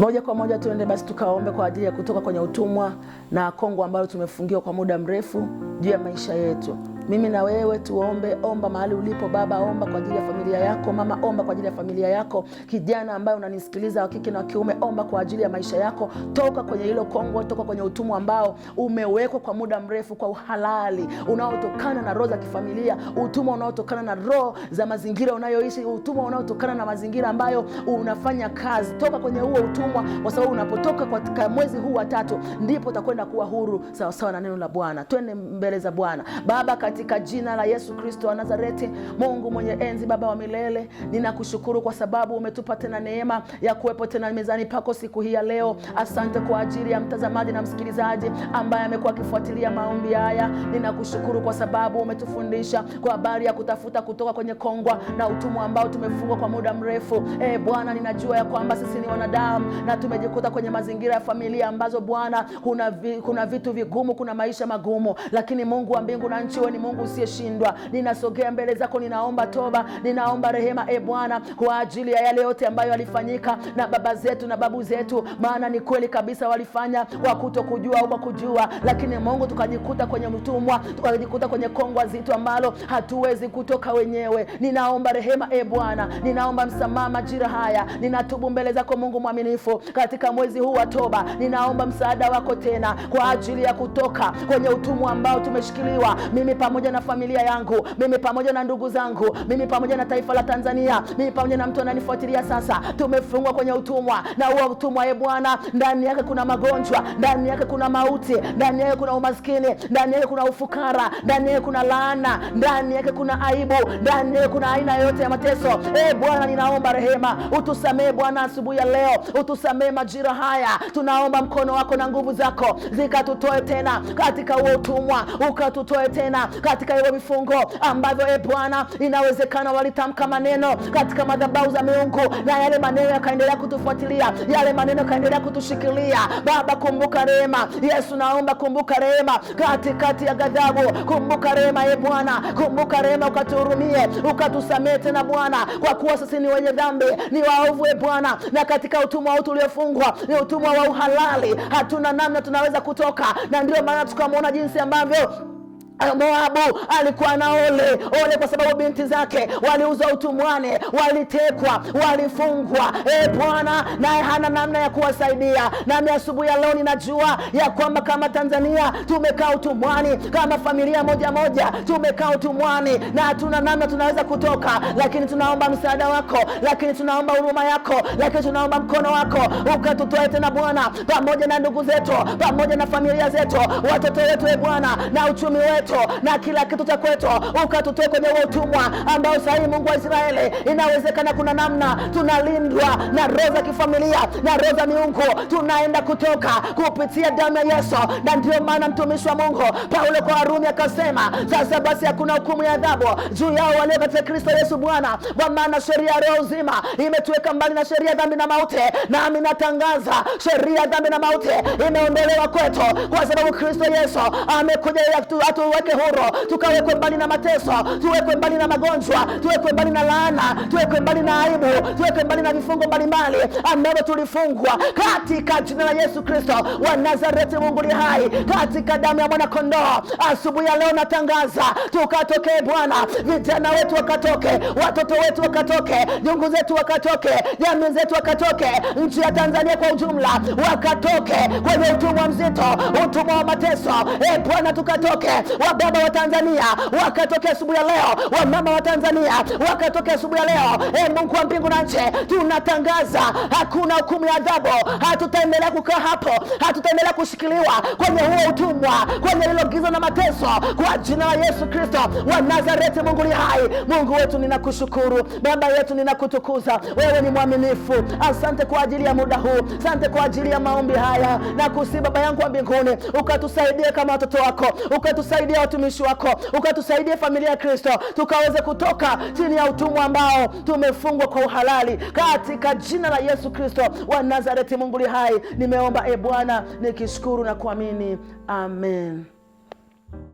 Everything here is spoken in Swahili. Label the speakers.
Speaker 1: Moja kwa moja tuende basi tukaombe kwa ajili ya kutoka kwenye utumwa na kongo ambalo tumefungiwa kwa muda mrefu juu ya maisha yetu. Mimi na wewe tuombe. Omba mahali ulipo, baba, omba kwa ajili ya familia yako. Mama, omba kwa ajili ya familia yako. Kijana ambaye unanisikiliza, wa kike na wa kiume, omba kwa ajili ya maisha yako. Toka kwenye hilo kongwa, toka kwenye utumwa ambao umewekwa kwa muda mrefu, kwa uhalali unaotokana na roho za kifamilia, utumwa unaotokana na roho za mazingira unayoishi, utumwa unaotokana na mazingira ambayo unafanya kazi. Toka kwenye huo utumwa, kwa sababu unapotoka katika mwezi huu wa tatu ndipo utakwenda kuwa huru, sawasawa na neno la Bwana. Twende mbele za Bwana. Baba, katika katika jina la Yesu Kristo wa Nazareti. Mungu mwenye enzi, Baba wa milele, ninakushukuru kwa sababu umetupa tena neema ya kuwepo tena mezani pako siku hii ya leo. Asante kwa ajili ya mtazamaji na msikilizaji ambaye amekuwa akifuatilia maombi haya. Ninakushukuru kwa sababu umetufundisha kwa habari ya kutafuta kutoka kwenye kongwa na utumwa ambao tumefungwa kwa muda mrefu. E Bwana, ninajua ya kwamba sisi ni wanadamu na tumejikuta kwenye mazingira ya familia ambazo Bwana kuna, vi, kuna vitu vigumu, kuna maisha magumu, lakini Mungu wa mbingu na nchi, wewe ni Mungu Mungu usiyeshindwa, ninasogea mbele zako, ninaomba toba, ninaomba rehema e Bwana, kwa ajili ya yale yote ambayo yalifanyika na baba zetu na babu zetu, maana ni kweli kabisa walifanya kwa kutokujua au kwa kujua, lakini Mungu tukajikuta kwenye mtumwa, tukajikuta kwenye kongwa zito ambalo hatuwezi kutoka wenyewe. Ninaomba rehema e Bwana, ninaomba msamaha majira haya, ninatubu mbele zako Mungu mwaminifu, katika mwezi huu wa toba, ninaomba msaada wako tena kwa ajili ya kutoka kwenye utumwa ambao tumeshikiliwa mimi pamoja na familia yangu, mimi pamoja na ndugu zangu, mimi pamoja na taifa la Tanzania, mimi pamoja na mtu ananifuatilia sasa. Tumefungwa kwenye utumwa, na huo utumwa, e Bwana, ndani yake kuna magonjwa, ndani yake kuna mauti, ndani yake kuna umaskini, ndani yake kuna ufukara, ndani yake kuna laana, ndani yake kuna aibu, ndani yake kuna aina yoyote ya mateso. E Bwana, ninaomba rehema, utusamee Bwana asubuhi ya leo, utusamee majira haya, tunaomba mkono wako na nguvu zako zikatutoe tena katika huo utumwa, ukatutoe tena katika hilo vifungo ambavyo e Bwana, inawezekana walitamka maneno katika madhabahu za miungu na yale maneno yakaendelea kutufuatilia, yale maneno yakaendelea kutushikilia. Baba, kumbuka rehema. Yesu, naomba kumbuka rehema katikati ya ghadhabu, kumbuka rehema e Bwana, kumbuka rehema, ukatuhurumie, ukatusamehe tena Bwana, kwa kuwa sisi ni wenye dhambi, ni waovu e Bwana, na katika utumwa wetu tuliofungwa ni utumwa wa uhalali, hatuna namna tunaweza kutoka, na ndio maana tukamwona jinsi ambavyo Ah, Moabu alikuwa na ole ole, kwa sababu binti zake waliuza utumwane, walitekwa, walifungwa. E Bwana, naye hana namna ya kuwasaidia. Nami asubuhi ya leo ninajua ya kwamba kama Tanzania tumekaa utumwani, kama familia moja moja tumekaa utumwani na hatuna namna tunaweza kutoka, lakini tunaomba msaada wako, lakini tunaomba huruma yako, lakini tunaomba mkono wako ukatutoe tena Bwana, pamoja na ndugu zetu, pamoja na familia zetu, watoto wetu, e Bwana, na uchumi wetu kwetu na kila kitu cha kwetu, ukatutoe kwenye utumwa ambao sahii Mungu wa Israeli. Inawezekana kuna namna tunalindwa na roho za kifamilia na roho za miungu, tunaenda kutoka kupitia damu ya Yesu, na ndio maana mtumishi wa Mungu Paulo kwa Warumi akasema, sasa basi hakuna hukumu ya adhabu juu yao walio katika Kristo Yesu Bwana, kwa maana sheria ya roho uzima imetuweka mbali na sheria dhambi na mauti. Nami natangaza sheria dhambi na mauti imeondolewa kwetu, kwa sababu Kristo Yesu amekuja yake huru, tukawekwe mbali na mateso, tuwekwe mbali na magonjwa, tuwekwe mbali na laana, tuwekwe mbali na aibu, tuwekwe mbali na vifungo mbalimbali ambavyo tulifungwa katika jina la Yesu Kristo wa Nazareti. Mungu ni hai, katika damu ya mwana kondoo, asubuhi ya leo natangaza tukatokee Bwana, vijana wetu wakatoke, watoto wetu wakatoke, jungu zetu wakatoke, jamii zetu wakatoke, nchi ya Tanzania kwa ujumla wakatoke kwenye utumwa mzito, utumwa wa mateso. E Bwana, tukatoke wababa wa Tanzania wakatokea asubuhi ya leo, wamama wa Tanzania wakatokea asubuhi ya leo. E Mungu wa mbingu na nchi, tunatangaza hakuna hukumu ya adhabu. Hatutaendelea kukaa hapo, hatutaendelea kushikiliwa kwenye huo utumwa, kwenye lilo giza na mateso, kwa jina la Yesu Kristo wa Nazareti. Mungu ni hai, Mungu wetu ninakushukuru, Baba yetu ninakutukuza, wewe ni mwaminifu. Asante kwa ajili ya muda huu, asante kwa ajili ya maombi haya na kusi, Baba yangu wa mbinguni, ukatusaidia kama watoto wako, ukatusaidia ya watumishi wako, ukatusaidie familia ya Kristo tukaweze kutoka chini ya utumwa ambao tumefungwa kwa uhalali, katika jina la Yesu Kristo wa Nazareti. Mungu li hai, nimeomba e Bwana, nikishukuru na kuamini, amen.